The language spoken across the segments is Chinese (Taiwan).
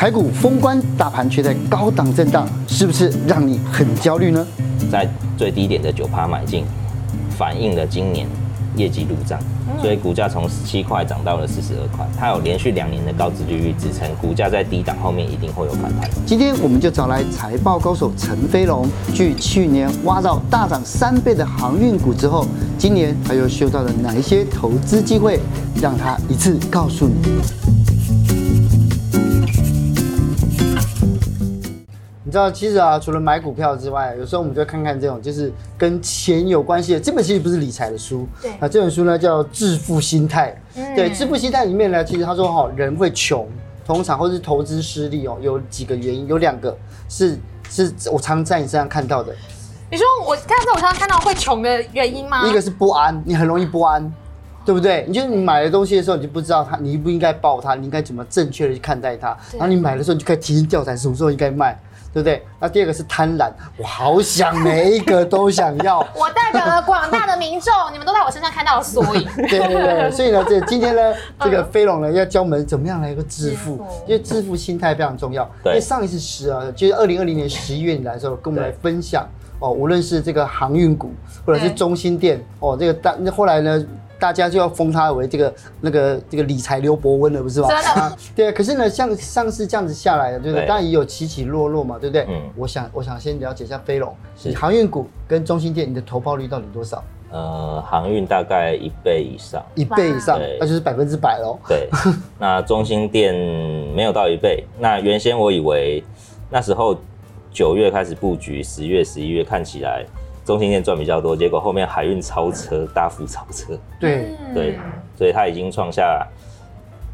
台股封關，大盤卻在高檔震盪，是不是讓你很焦慮呢？在最低點的九趴買進，反映了今年業績入賬，所以股價從十七塊漲到了四十二塊。它有連續兩年的高殖利率，率支撐，股價在低檔後面一定會有反彈。今天我們就找來財報高手陳飛龍，繼去、去年挖到大漲三倍的航運股之後，今年他又嗅到了哪一些投資機會？讓他一次告訴你。你知道，其實啊，除了買股票之外，有時候我們就看看這種就是跟錢有關係的。這本其實不是理財的書，對。啊、這本書呢叫《致富心態》，嗯、對，《致富心態》裡面呢，其實他說哈、哦，人會窮，通常或是投資失利哦，有幾個原因，有兩個是是我常在你身上看到的。你說我，但是我常常看到會窮的原因嗎？一個是不安，你很容易不安，啊、對不對？你就是你買了東西的時候，你就不知道它，你不應該抱它，你應該怎麼正確的去看待它。然後你買的時候，你就可以提心吊膽，什麼時候應該賣？對不對？那、啊、第二個是貪婪，我好想每一個都想要。 我代表了廣大的民眾， 你們都在我身上看到了縮影。 對對對，所以呢，這今天呢， 這個飛龍呢、嗯、要教我們怎麼樣來一個致富、嗯。因為致富心態非常重要。對。因為上一次十二、啊，就是二零二零年十一月來的時候，跟我們來分享哦，無論是這個航運股，或者是中心店哦，這個但後來呢？大家就要封他為這個那個這個理財劉伯溫了，不是吧？真的嗎？ 對、啊，可是呢，像上次這樣子下來的，對不對，對？當然也有起起落落嘛，對不對？嗯。我想，我想先了解一下飛龍，是你航運股跟中心店，你的投報率到底多少？呃，航運大概一倍以上。一倍以上，那、啊、就是百分之百嘍。對，那中心店沒有到一倍。那原先我以為那時候九月開始布局，十月、十一月看起來。中心店賺比較多，結果後面海運超車，大幅超車。對、嗯、對，所以他已經創下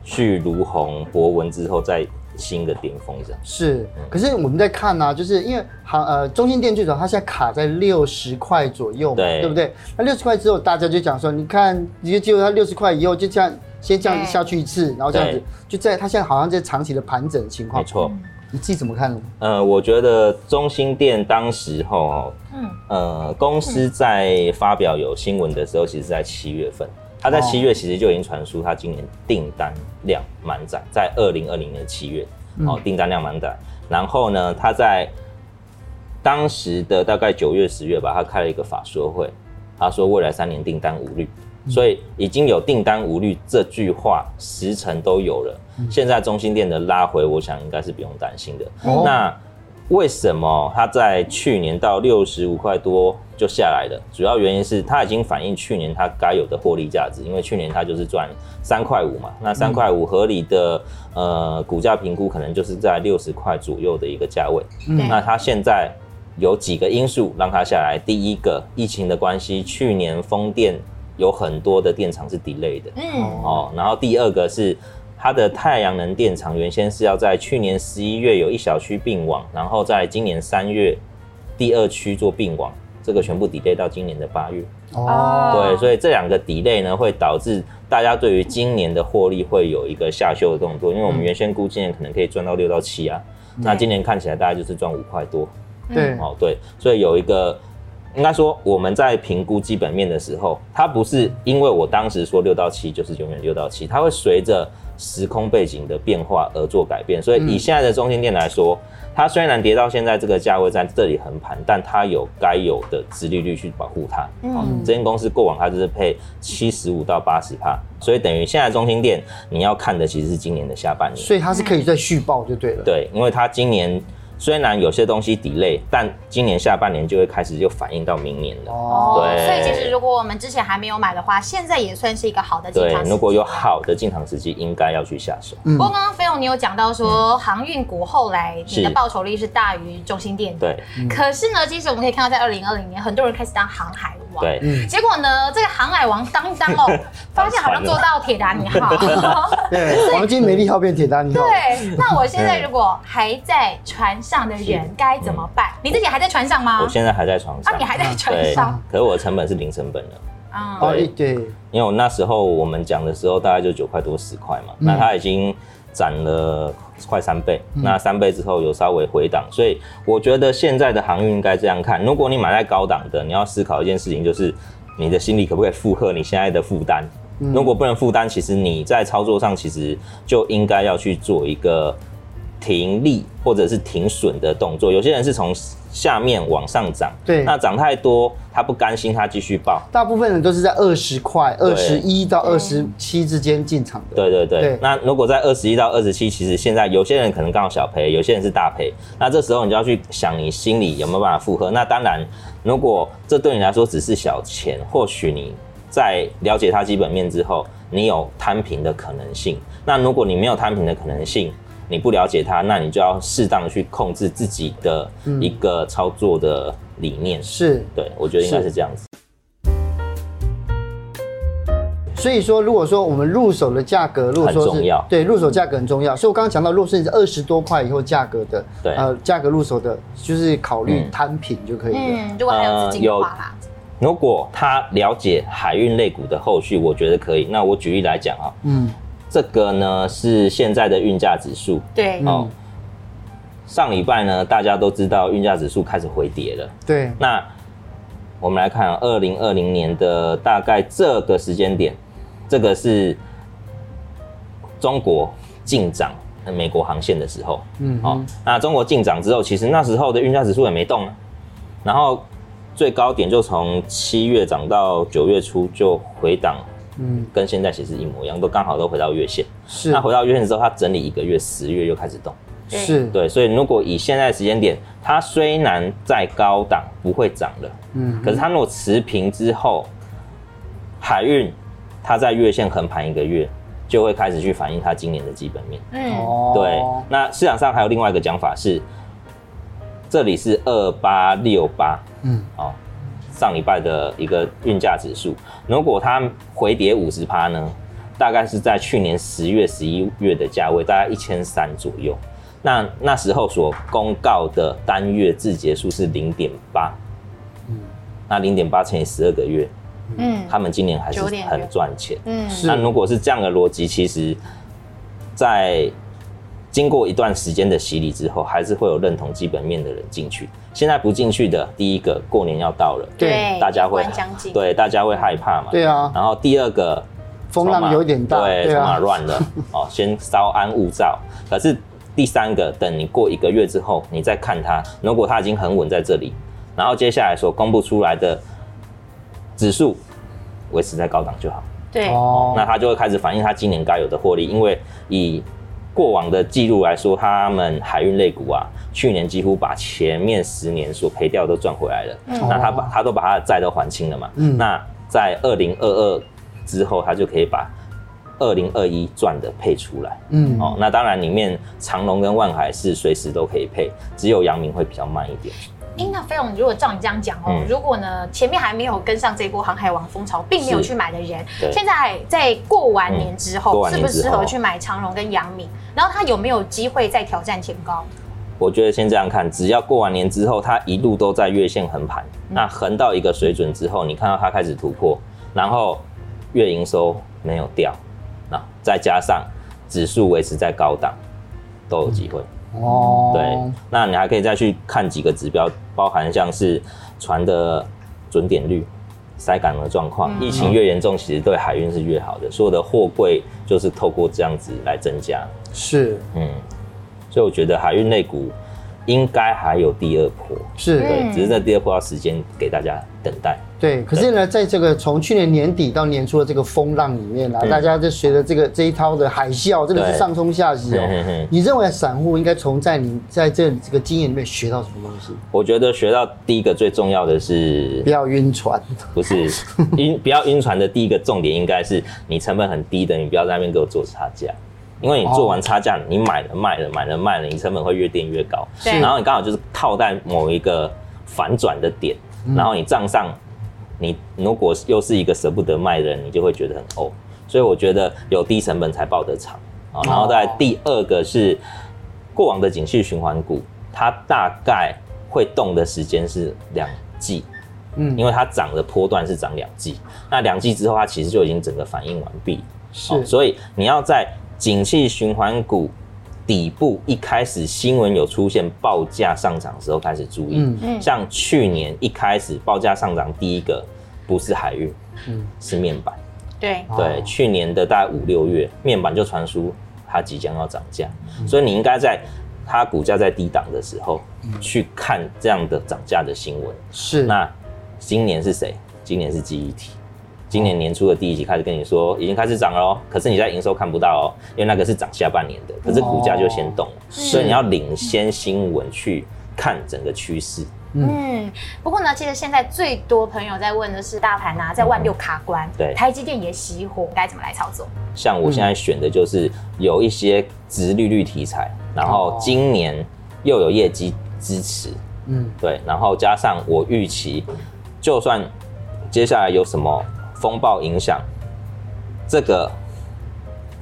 去，如虹博文之後，在新的巔峰這樣。是、嗯，可是我們在看呢、啊，就是因為行呃，中心店最早它現在卡在六十塊左右嘛，對，對不對？那六十塊之後，大家就講說，你看，你就記住它六十塊以後，就這樣先這樣下去一次，然後這樣子，就在它現在好像在長期的盤整的情況，沒錯。嗯你自己怎麼看呢？呃，我覺得中心店當時候，嗯、哦，呃，公司在發表有新聞的時候，其實是在七月份，他在七月其實就已經傳出他今年訂單量滿載，在二零二零年七月，哦，訂單量滿載。然後呢，他在當時的大概九月、十月吧，他開了一個法說會，他說未來三年訂單無慮。所以已經有訂單無虞這句話，十成都有了。現在中興電的拉回，我想應該是不用擔心的。那為什麼它在去年到六十五塊多就下來了？主要原因是它已經反映去年它該有的獲利價值，因為去年它就是賺三塊五嘛。那三塊五合理的呃股價評估，可能就是在六十塊左右的一個價位。那它現在有幾個因素讓它下來？第一個，疫情的關係，去年風電。有很多的電廠是 delay 的，嗯哦，然後第二個是它的太陽能電廠，原先是要在去年十一月有一小區併網，然後在今年三月第二區做併網，這個全部 delay 到今年的八月。哦，對，所以這兩個 delay 呢，會導致大家對於今年的獲利會有一個下修的動作，因為我們原先估計呢，可能可以賺到六到七啊，嗯，那今年看起來大概就是賺五塊多。嗯，哦對，所以有一個。應該說，我們在評估基本面的時候，它不是因為我當時說六到七就是永遠六到七，它會隨着時空背景的變化而做改變。所以以現在的中心店來說，它雖然跌到現在這個價位在這裡橫盤，但它有該有的殖利率去保護它。嗯，這間公司過往它就是配七十五到八十趴，所以等於現在的中心店你要看的其實是今年的下半年。所以它是可以再續抱就對了。對，因為它今年。雖然有些東西 delay，但今年下半年就會開始就反映到明年了。哦，對，所以其實如果我們之前還沒有買的話，現在也算是一個好的進場時機。對。如果有好的進場時機，應該要去下手。嗯、不過剛剛飛龍你有講到說、嗯、航運股後來你的報酬率是大於中心電。對、嗯，可是呢，其實我們可以看到在二零二零年，很多人開始當航海了。對、嗯，結果呢？這個航海王當一當哦、喔，發現好像坐到鐵達尼號， 對，黃金梅利號變鐵達尼號。對，那我現在如果還在船上的人該、嗯、怎麼辦？你自己還在船上嗎？我現在還在船上，啊你還在船上？啊嗯、可是我的成本是零成本的啊、嗯，對，因為我那時候我們講的時候大概就九塊多十塊嘛、嗯，那他已經。漲了快三倍，那三倍之後有稍微回檔、嗯，所以我覺得現在的航運應該這樣看。如果你買在高檔的，你要思考一件事情，就是你的心理可不可以負荷你現在的負擔、嗯，如果不能負擔，其實你在操作上其實就應該要去做一個。停利或者是停損的動作，有些人是從下面往上漲，對，那漲太多他不甘心，他繼續抱。大部分人都是在二十塊、二十一到二十七之間進場的。對對對。對那如果在二十一到二十七，其實現在有些人可能剛好小賠，有些人是大賠。那這時候你就要去想，你心裡有沒有辦法負荷？那當然，如果這對你來說只是小錢，或許你在了解它基本面之後，你有攤平的可能性。那如果你沒有攤平的可能性，你不了解它，那你就要適當的去控制自己的一個操作的理念。嗯、是，對我覺得應該是這樣子。所以說，如果說我們入手的價格，很重要，對入手價格很重要，所以我剛剛講到，如果是二十多塊以後價格的，對，呃，價格入手的，就是考慮攤平就可以了。嗯，如果還有自己的想法、呃、如果他了解海運類股的後續，我覺得可以。那我舉例來講啊，嗯。這個呢是現在的運價指數，對哦。嗯、上禮拜呢，大家都知道運價指數開始回跌了，對。那我們來看二零二零年的大概這個時間點，這個是中國進漲美國航線的時候，嗯哦。那中國進漲之後，其實那時候的運價指數也沒動啊。然後最高點就從七月漲到九月初就回檔。嗯，跟現在其實一模一樣，都剛好都回到月線。是，那回到月線之後，它整理一個月，十月又開始動。是，對。所以如果以現在的時間點，它雖然在高檔不會漲了，嗯，可是它如果持平之後，海運它在月線橫盤一個月，就會開始去反映它今年的基本面。嗯，對。那市場上還有另外一個講法是，這裡是二八六八。嗯，哦。上禮拜的一個運價指數，如果它回跌五十趴呢，大概是在去年十月、十一月的價位，大概一千三左右。那那時候所公告的單月自結數是零點八，嗯，那零點八乘以十二個月，嗯，他們今年還是很賺錢，嗯，那如果是這樣的邏輯，其實在。經過一段時間的洗禮之後，還是會有認同基本面的人進去。現在不進去的，第一個，過年要到了，對，大家會，對大家會害怕嘛？對啊。然後第二個，風浪有點大，對，馬、啊、亂了， 哦，先稍安勿躁。可是第三個，等你過一個月之後，你再看他，如果他已經很穩在這裡，然後接下來所公布出來的指數維持在高檔就好，對哦，哦，那他就會開始反映他今年該有的獲利，因為以。過往的記錄來說，他們海運類股啊，去年幾乎把前面十年所賠掉都賺回來了。嗯。那他把，他都把他的債都還清了嘛。嗯，那在二零二二之後，他就可以把二零二一賺的配出來。嗯，哦，那當然裡面長榮跟萬海是隨時都可以配，只有陽明會比較慢一點。哎、欸，那飛龍，如果照你這樣講哦、嗯，如果呢前面還沒有跟上這波航海王風潮，並沒有去買的人，現在在過完、嗯、過完年之後，是不是適合去買長榮跟陽明？然後他有沒有機會再挑戰前高？我覺得先這樣看，只要過完年之後，他一路都在月線橫盤、嗯，那橫到一個水準之後，你看到他開始突破，然後月營收沒有掉，那再加上指數維持在高檔，都有機會。嗯哦、oh.，對，那你還可以再去看幾個指標，包含像是船的準點率、塞港的狀況、嗯。疫情越嚴重，其實對海運是越好的，所有的貨櫃就是透過這樣子來增加。是，嗯，所以我覺得海運類股應該還有第二波，是對、嗯，只是在第二波要時間給大家等待。對，可是呢，在這個從去年年底到年初的這個風浪裡面啦，嗯、大家就隨着這個這一套的海嘯，真的是上衝下洗哦。你認為散戶應該從在你在這這個經驗裡面學到什麼東西？我覺得學到第一個最重要的是、嗯、不要暈船，不是暈不要暈船的第一個重點應該是你成本很低的，你不要在那邊給我做差價，因為你做完差價、哦，你買了賣了買了賣了，了，你成本會越墊越高。是，然後你剛好就是套在某一個反轉的點、嗯，然後你賬上。你如果又是一個捨不得賣的人，你就會覺得很嘔。所以我覺得有低成本才抱得長啊。然後再來第二個是，哦、過往的景氣循環股，它大概會動的時間是兩季，嗯，因為它漲的波段是漲兩季，那兩季之後它其實就已經整個反應完畢，是，所以你要在景氣循環股。底部一開始新聞有出現報價上漲的時候開始注意，嗯、像去年一開始報價上漲第一個不是海運、嗯，是面板，嗯、對、哦、對，去年的大概五六月面板就傳出它即將要漲價、嗯，所以你應該在它股價在低檔的時候去看這樣的漲價的新聞、嗯，是。那今年是誰？今年是記憶體。今年年初的第一集開始跟你說，已經開始漲了哦。可是你在營收看不到哦，因為那個是漲下半年的，可是股價就先動了、哦。所以你要領先新聞去看整個趨勢、嗯。嗯，不過呢，其實現在最多朋友在問的是大盤啊，在萬六卡關，嗯、對，台積電也熄火，該怎麼來操作？像我現在選的就是有一些殖利率題材，然後今年又有業績支持、哦，嗯，對，然後加上我預期，就算接下來有什麼。風暴影響，這個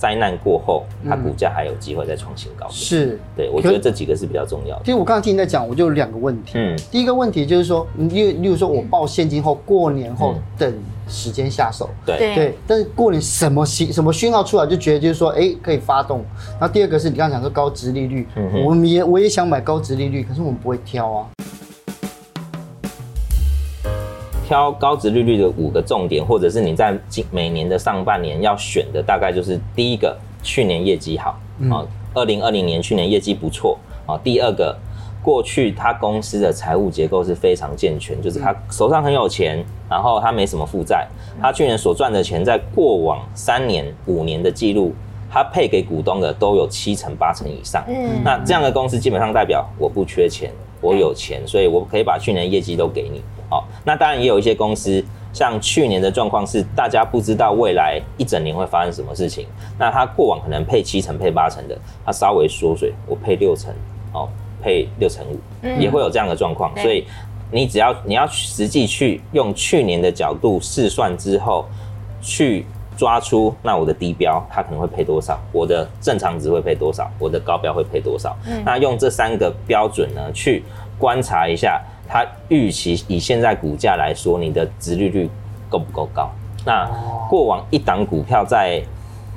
災難過後，它股價還有機會再創新高、嗯。是，對我覺得這幾個是比較重要的。其實我剛才聽你在講，我就有兩個問題。嗯。第一個問題就是說，例例如說，我報現金後，過年後、嗯、等時間下手。對對。但是過年什麼信什麼訊號出來，就覺得就是說，哎、欸，可以發動。那第二個是你剛才講說高殖利率，嗯，我們也我也想買高殖利率，可是我們不會挑啊。挑高殖利率，率的五個重點，或者是你在今每年的上半年要選的，大概就是第一個，去年業績好啊，二零二零年去年業績不錯啊、哦。第二個，過去他公司的財務結構是非常健全，就是他手上很有錢，嗯、然後他沒什麼負債、嗯，他去年所賺的錢在過往三年、五年的記錄，他配給股東的都有七成、八成以上。嗯，那這樣的公司基本上代表我不缺錢，我有錢，嗯、所以我可以把去年業績都給你。好、哦，那當然也有一些公司，像去年的狀況是，大家不知道未來一整年會發生什麼事情，那它過往可能配七成、配八成的，它稍微縮水，我配六成，哦，配六成五、嗯，也會有這樣的狀況。所以你只要你要實際去用去年的角度試算之後，去抓出那我的低標它可能會配多少，我的正常值會配多少，我的高標會配多少，嗯、那用這三個標準呢去觀察一下。它預期以現在股價來說，你的殖利率夠不夠高？那過往一檔股票在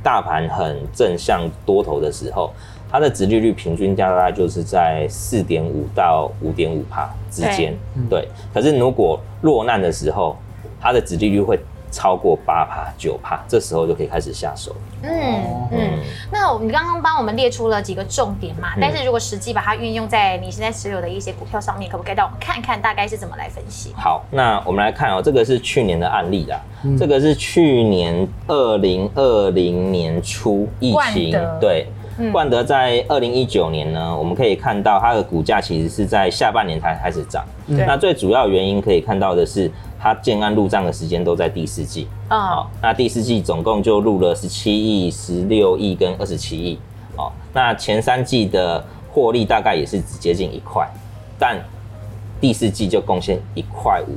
大盤很正向多頭的時候，它的殖利率平均價大概就是在四點五到五點五帕之間。對，可是如果落難的時候，它的殖利率會。超過八趴、九趴，這時候就可以開始下手了嗯、哦、嗯、嗯，那你剛剛幫我們列出了幾個重點嘛、嗯？但是如果實際把它運用在你現在持有的一些股票上面，嗯、可不可以讓我們看看大概是怎麼來分析？好，那我們來看哦，這個是去年的案例啦。嗯、這個是去年二零二零年初疫情，對、嗯，冠德在二零一九年呢、嗯，我們可以看到它的股價其實是在下半年才開始漲、嗯。那最主要原因可以看到的是。他建案入賬的時間都在第四季，oh. 哦，那第四季總共就入了十七億、十六億跟二十七億，哦，那前三季的獲利大概也是只接近一塊，但第四季就貢獻一塊五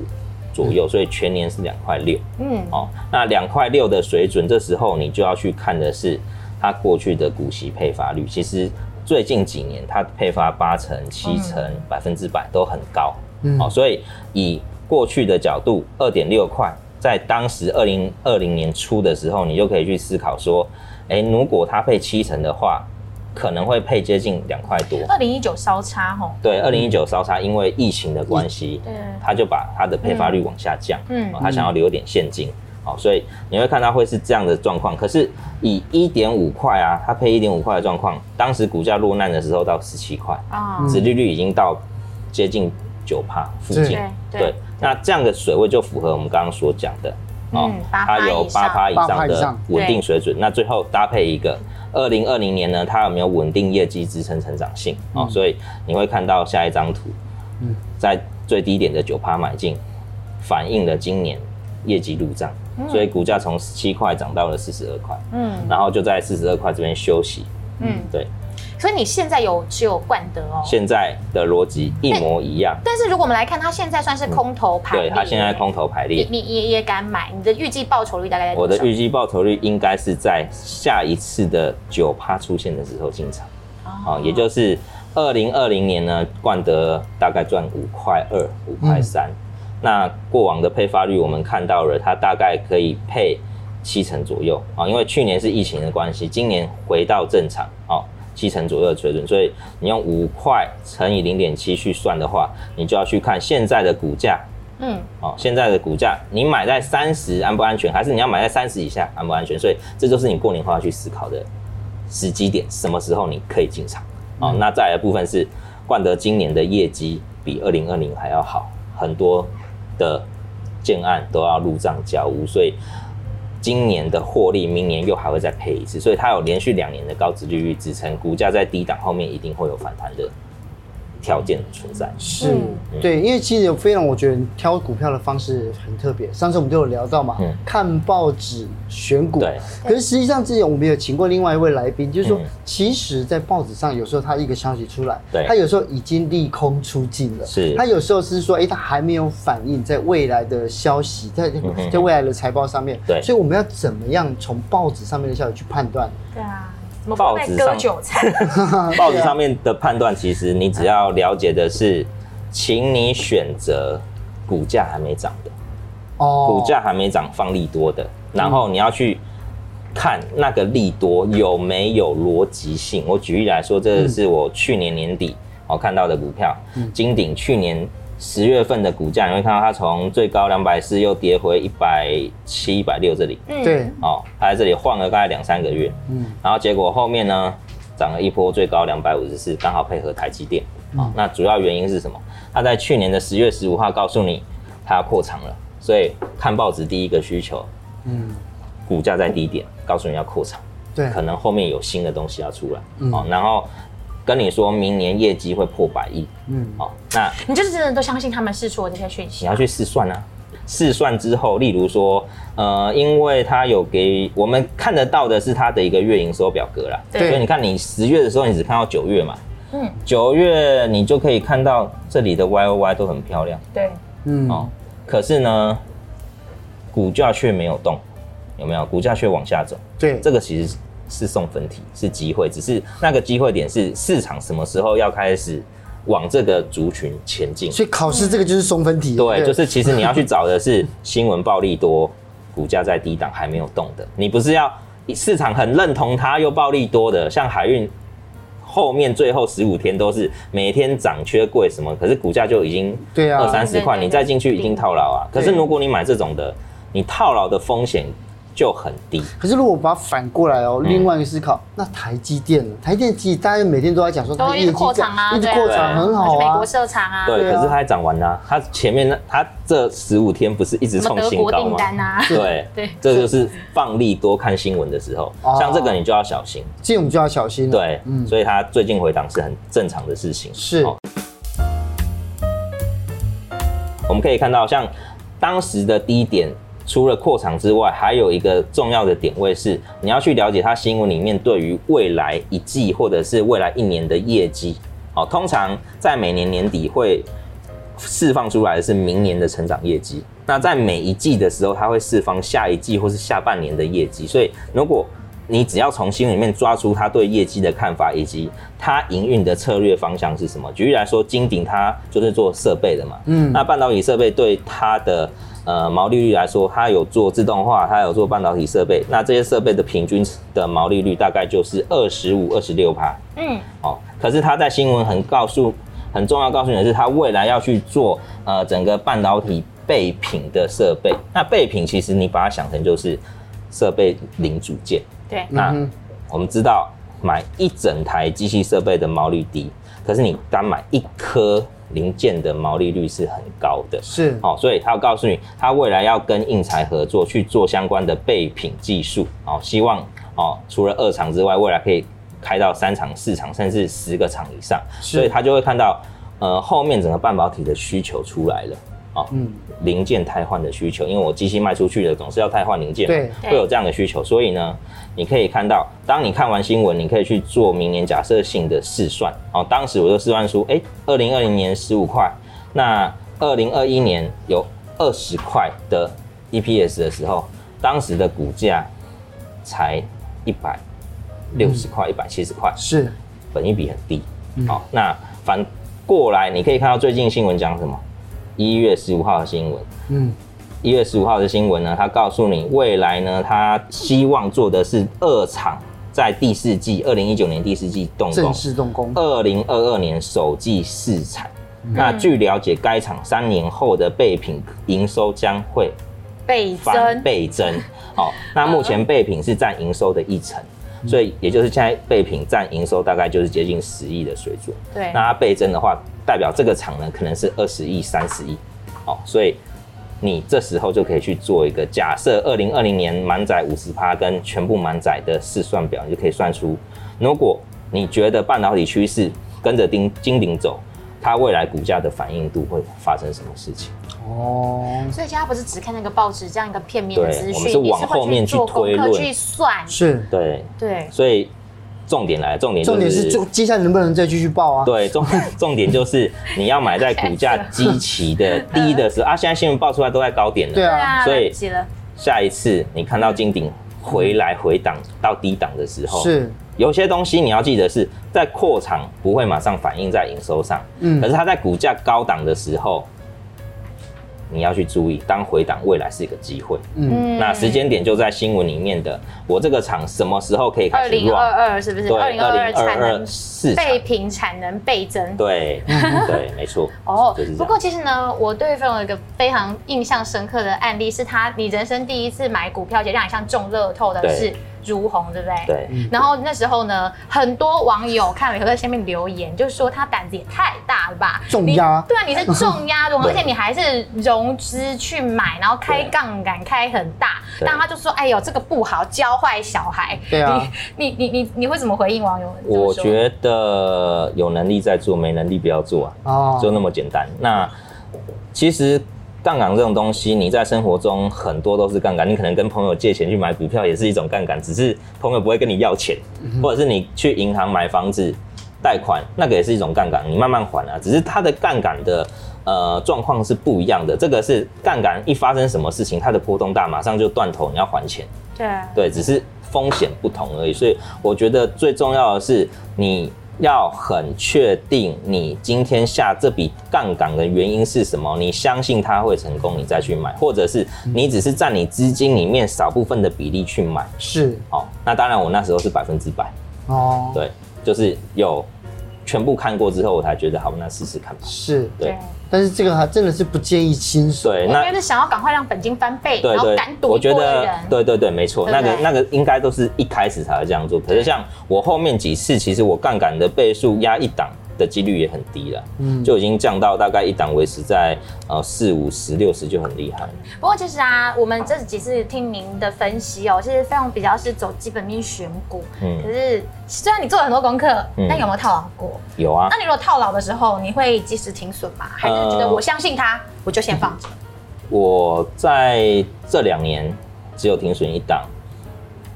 左右、嗯，所以全年是兩塊六，嗯，哦，那兩塊六的水準，這時候你就要去看的是他過去的股息配發率，其實最近幾年它配發八成、七成、百分之百都很高，嗯，哦，所以以。過去的角度，二點六塊，在當時二零二零年初的時候，你就可以去思考說，哎、欸，如果它配七成的話，可能會配接近兩塊多。二零一九稍差吼，對，二零一九稍差，因為疫情的關係，它、嗯、就把它的配發率往下降，嗯，它、嗯、想要留一點現金、嗯，所以你會看到會是這樣的狀況。可是以一點五塊啊，它配一點五塊的狀況，當時股價落難的時候到十七塊啊，嗯、殖利率已經到接近九帕附近，對。對對。那這樣的水位就符合我們剛剛所講的哦、嗯，它有八趴以上的穩定水準。那最後搭配一個二零二零年呢，它有沒有穩定業績支撐成長性啊、嗯嗯？所以你會看到下一張圖，在最低點的九趴買進，反映了今年業績入賬、嗯，所以股價從十七塊漲到了四十二塊，嗯，然後就在四十二塊這邊休息，嗯，對。所以你現在有持有冠德哦，現在的邏輯一模一樣。但是如果我們來看，它現在算是空頭排列。嗯、對，它現在空頭排列。你，你也也敢買？你的預計報酬率大概在？我的預計報酬率應該是在下一次的九趴出現的時候進場，哦，哦也就是二零二零年呢，冠德大概賺五塊二、五塊三。那過往的配發率我們看到了，它大概可以配七成左右啊、哦，因為去年是疫情的關係，今年回到正常，哦。七成左右的水準，所以你用五塊乘以零點七去算的話，你就要去看現在的股價，嗯，哦，現在的股價你買在三十安不安全，還是你要買在三十以下安不安全？所以這就是你過年後要去思考的時機點，什麼時候你可以進場，嗯？哦，那再來的部分是冠德今年的業績比二零二零還要好，很多的建案都要入賬交屋，所以……今年的獲利，明年又還會再配一次，所以它有連續兩年的高殖利率支撐，股價在低檔後面一定會有反彈的。條件的存在是，嗯，對，因為其實飛龍，我覺得挑股票的方式很特別，上次我們都有聊到嘛，嗯、看報紙選股，對。可是實際上之前我們有請過另外一位來賓，就是說，其實，在報紙上有時候他一個消息出來，對、嗯，他有時候已經利空出盡了，是。他有時候是說，哎、欸，他還沒有反映，在未來的消息，在在未來的財報上面，對。所以我們要怎麼樣從報紙上面的消息去判斷？對啊。報紙上， 報紙上面的判斷，其實你只要了解的是，請你選擇股價還沒漲的，哦，股價還沒漲，放利多的，然後你要去看那個利多有沒有邏輯性。我舉例來說，這是我去年年底我看到的股票，金鼎去年，十月份的股價，你會看到它從最高兩百四又跌回一百七、一百六這裡。對、嗯，哦，它在這裡晃了大概兩三個月。嗯，然後結果後面呢，漲了一波，最高兩百五十四，剛好配合台積電。啊、哦嗯，那主要原因是什麼？它在去年的十月十五號告訴你，它要擴廠了。所以看報紙第一個需求，嗯，股價在低點，告訴你要擴廠，對、嗯，可能後面有新的東西要出來。嗯，哦、然後跟你說明年業績會破百億。嗯，哦。那你就是真的都相信他們釋出的這些訊息？啊，你要去試算啊，試算之後，例如說，呃，因為他有給我們看得到的是他的一個月營收表格啦，對，所以你看你十月的時候，你只看到九月嘛，嗯，九月你就可以看到這裡的 YoY 都很漂亮，對，嗯，哦，可是呢，股價卻沒有動，有沒有？股價卻往下走，對，這個其實是送分題是機會，只是那個機會點是市場什麼時候要開始？往這個族群前進，所以考試這個就是送分題。對，就是其實你要去找的是新聞爆利多，股價在低檔還沒有動的。你不是要市場很認同它又爆利多的，像海運後面最後十五天都是每天漲缺櫃什麼，可是股價就已經對啊二三十塊，你再進去已經套牢啊。可是如果你買這種的，你套牢的風險。就很低。可是如果把它反過來哦，嗯、另外一個思考，那台積電呢？台電機大家每天都在講說，它業啊，一直擴廠啊，一直擴廠啊，很好啊。美國設廠啊，對。對啊、可是它漲完呢、啊，它前面那它這十五天不是一直創新、啊、高嗎？啊、嗯？對對，這個、就是放利多看新聞的時候，像這個你就要小心，啊、我們就要小心、啊。對，嗯、所以它最近回檔是很正常的事情。是、哦。我們可以看到，像當時的低點。除了擴場之外，還有一個重要的點位是，你要去了解它新聞裡面對於未來一季或者是未來一年的業績。好，哦，通常在每年年底會釋放出來的是明年的成長業績。那在每一季的時候，它會釋放下一季或是下半年的業績。所以，如果你只要從新聞裡面抓出它對業績的看法，以及它營運的策略方向是什麼。舉例來說，金鼎它就是做設備的嘛，嗯，那半導體設備對它的。呃，毛利率來說，它有做自動化，它有做半導體設備。那這些設備的平均的毛利率大概就是二十五、二十六趴。嗯，哦，可是它在新聞很告訴，很重要告訴你的是，它未來要去做呃整個半導體備品的設備。那備品其實你把它想成就是設備零組件。對、嗯。那我們知道買一整台機器設備的毛利低，可是你單買一顆。零件的毛利率是很高的，是哦，所以他要告訴你，他未來要跟應材合作去做相關的備品技術，哦，希望哦，除了二廠之外，未來可以開到三廠、四廠，甚至十個廠以上，是，所以他就會看到，呃，後面整個半導體的需求出來了。嗯，零件汰換的需求，因為我機器賣出去的總是要汰換零件，對，會有這樣的需求。所以呢，你可以看到，當你看完新聞，你可以去做明年假設性的試算。哦，當時我就試算出，哎、欸，二零二零年十五塊，那二零二一年有二十塊的 EPS 的時候，當時的股價才一百六十塊、一百七十塊，是，本益比很低。好、嗯哦，那反過來，你可以看到最近新聞講什麼？一月十五號的新聞，嗯，一月十五號的新聞呢？他告訴你，未來呢，他希望做的是二廠在第四季，二零一九年第四季動工，正式動工，二零二二年首季試產，嗯。那據了解，該廠三年後的備品營收將會倍增倍增。好，那目前備品是占營收的一成。所以也就是現在備品占營收大概就是接近十億的水準，對，那它倍增的話，代表這個廠呢可能是二十億、三十億，好、哦，所以你這時候就可以去做一個假設，二零二零年滿載五十趴跟全部滿載的試算表，你就可以算出，如果你覺得半導體趨勢跟着丁金頂走。它未來股價的反應度會發生什麼事情？哦，所以現在不是只看那個報紙這樣一個片面資訊，我們是往後面去推論、去算，是，對，對。所以重點來，重點、就是、重點是接下來能不能再繼續爆啊？對，重重點就是你要買在股價基期的低的時候啊，現在新聞報出來都在高點了，對啊。所以，了下一次你看到金頂回來回檔、嗯、到低檔的時候是，有些東西你要記得是在擴廠不會馬上反映在營收上，嗯，可是它在股價高檔的時候，你要去注意，當回檔未來是一個機會，嗯，那時間點就在新聞裡面的，我這個廠什麼時候可以開始二零二二，是不是？二零二二產能倍平產能倍增，對 對沒錯。 哦，不過其實呢，我對飛龍有一個非常印象深刻的案例，是他你人生第一次買股票，而且讓你像中樂透的是。朱虹，對不對？對。然後那時候呢，很多網友看了以後在下面留言，就是說他膽子也太大了吧？重壓，對啊，你是重壓的，而且你還是融資去買，然後開槓桿開很大。但他就說：“哎呦，這個不好，教壞小孩。”對啊。你你你你你會怎麼回應網友？我覺得有能力再做，沒能力不要做啊，哦，就那麼簡單。那其實。槓桿這種東西，你在生活中很多都是槓桿。你可能跟朋友借錢去買股票也是一種槓桿，只是朋友不會跟你要錢，或者是你去銀行買房子貸款，那個也是一種槓桿。你慢慢還啊，只是它的槓桿的呃狀況是不一樣的。這個是槓桿一發生什麼事情，它的波動大，馬上就斷頭，你要還錢。對啊，對，只是風險不同而已。所以我覺得最重要的是你。要很確定你今天下這筆槓桿的原因是什麼？你相信他會成功，你再去買，或者是你只是佔你資金裡面少部分的比例去買。是哦，哦，那當然我那時候是百分之百。哦，對，就是有。全部看過之後，我才覺得好，那試試看吧。是對，對，但是這個還真的是不建議新手那。因對，那想要趕快讓本金翻倍，對對對，然後敢賭。我覺得，對對對，沒錯，那個那個應該都是一開始才會這樣做。可是像我後面幾次，其實我槓桿的倍數壓一檔。對嗯的幾率也很低了，嗯，就已經降到大概一檔，維持在呃四五十、六十就很厲害。不過其實啊，我們這幾次聽您的分析哦、喔，其實飛龍比較是走基本面選股，嗯，可是雖然你做了很多功課，但有沒有套牢過、嗯？有啊。那你如果套牢的時候，你會及時停損嗎？還是覺得我相信他，呃、我就先放着、嗯？我在這兩年只有停損一檔，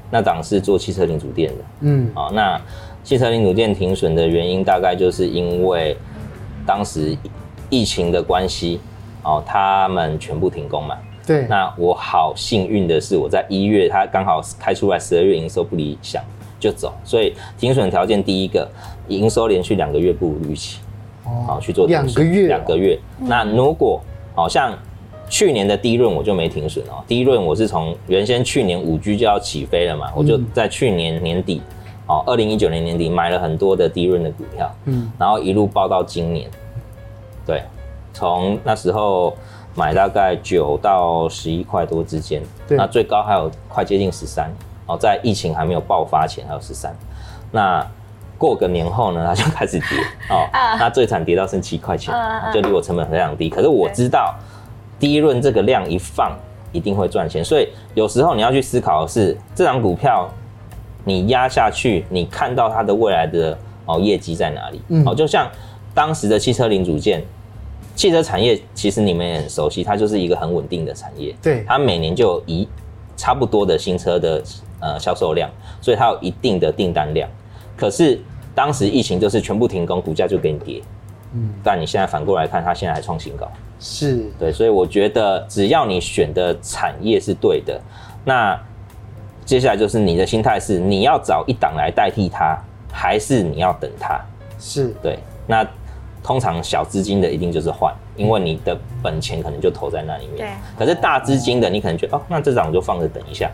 那檔是做汽車零組件的，嗯，哦那。汽車零組件停損的原因，大概就是因為當時疫情的關係，哦，他們全部停工嘛。對。那我好幸運的是，我在一月，他剛好開出來十二月營收不理想就走，所以停損條件第一個，營收連續兩個月不如預期，哦，去做停損，兩個月、哦。兩個月。嗯、那如果好、哦、像去年的低潤我就沒停損哦，低潤我是從原先去年五 G 就要起飛了嘛、嗯，我就在去年年底，哦，二零一九年年底買了很多的低潤的股票，嗯，然後一路抱到今年，對，從那時候買大概九到十一塊多之間，對，那最高還有快接近十三，哦，在疫情還沒有爆發前還有十三，那過個年後呢，它就開始跌， 哦，那、uh, 最慘跌到剩七塊錢，uh, 就離我成本非常低，可是我知道低潤這個量一放一定會賺錢，所以有時候你要去思考的是這張股票。你壓下去，你看到它的未來的哦業績在哪裡？嗯，好，就像當時的汽車零組件，汽車產業其實你們也很熟悉，它就是一個很穩定的產業。對，它每年就有一差不多的新車的呃銷售量，所以它有一定的訂單量。可是當時疫情就是全部停工，股價就給你跌。嗯，但你現在反過來看，它現在還創新高。是，對，所以我覺得只要你選的產業是對的，那。接下來就是你的心態，是你要找一檔來代替它，還是你要等它？是對。那通常小資金的一定就是換，嗯，因為你的本錢可能就投在那裡面。對。可是大資金的你可能覺得哦，那這檔我就放着等一下，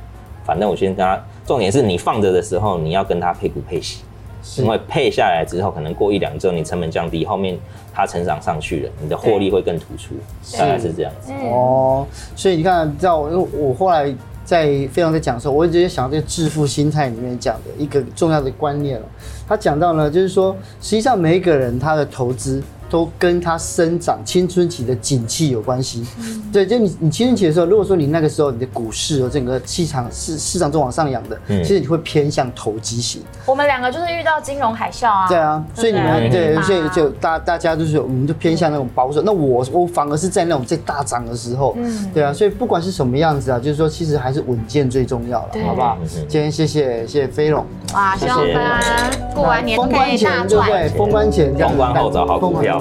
反正我先跟他。重點是你放着的時候，你要跟他配股配息是，因為配下來之後，可能過一兩週你成本降低，後面它成長上去了，你的獲利會更突出。大概是這樣子。哦，所以你看，叫我我後來。在非常在講的時候，我直接想到這個致富心態裡面講的一個重要的觀念了。他講到呢，就是說，實際上每一個人他的投資。都跟它生長青春期的景氣有關係，嗯，對，就你你青春期的時候，如果說你那個時候你的股市和整個場市，市場市市場中往上揚的，嗯，其實你會偏向投機型。我們兩個就是遇到金融海嘯啊。對啊，對對對，所以你們對，對，所以就大家大家就是，我們就偏向那種保守。那我我反而是在那種在大漲的時候，嗯，對啊，所以不管是什麼樣子啊，就是說其實還是穩健最重要了，好不好？今天謝謝謝謝飛龍。哇，啊，謝謝，我們過完年可以大賺，對，封關前，封關後找好股票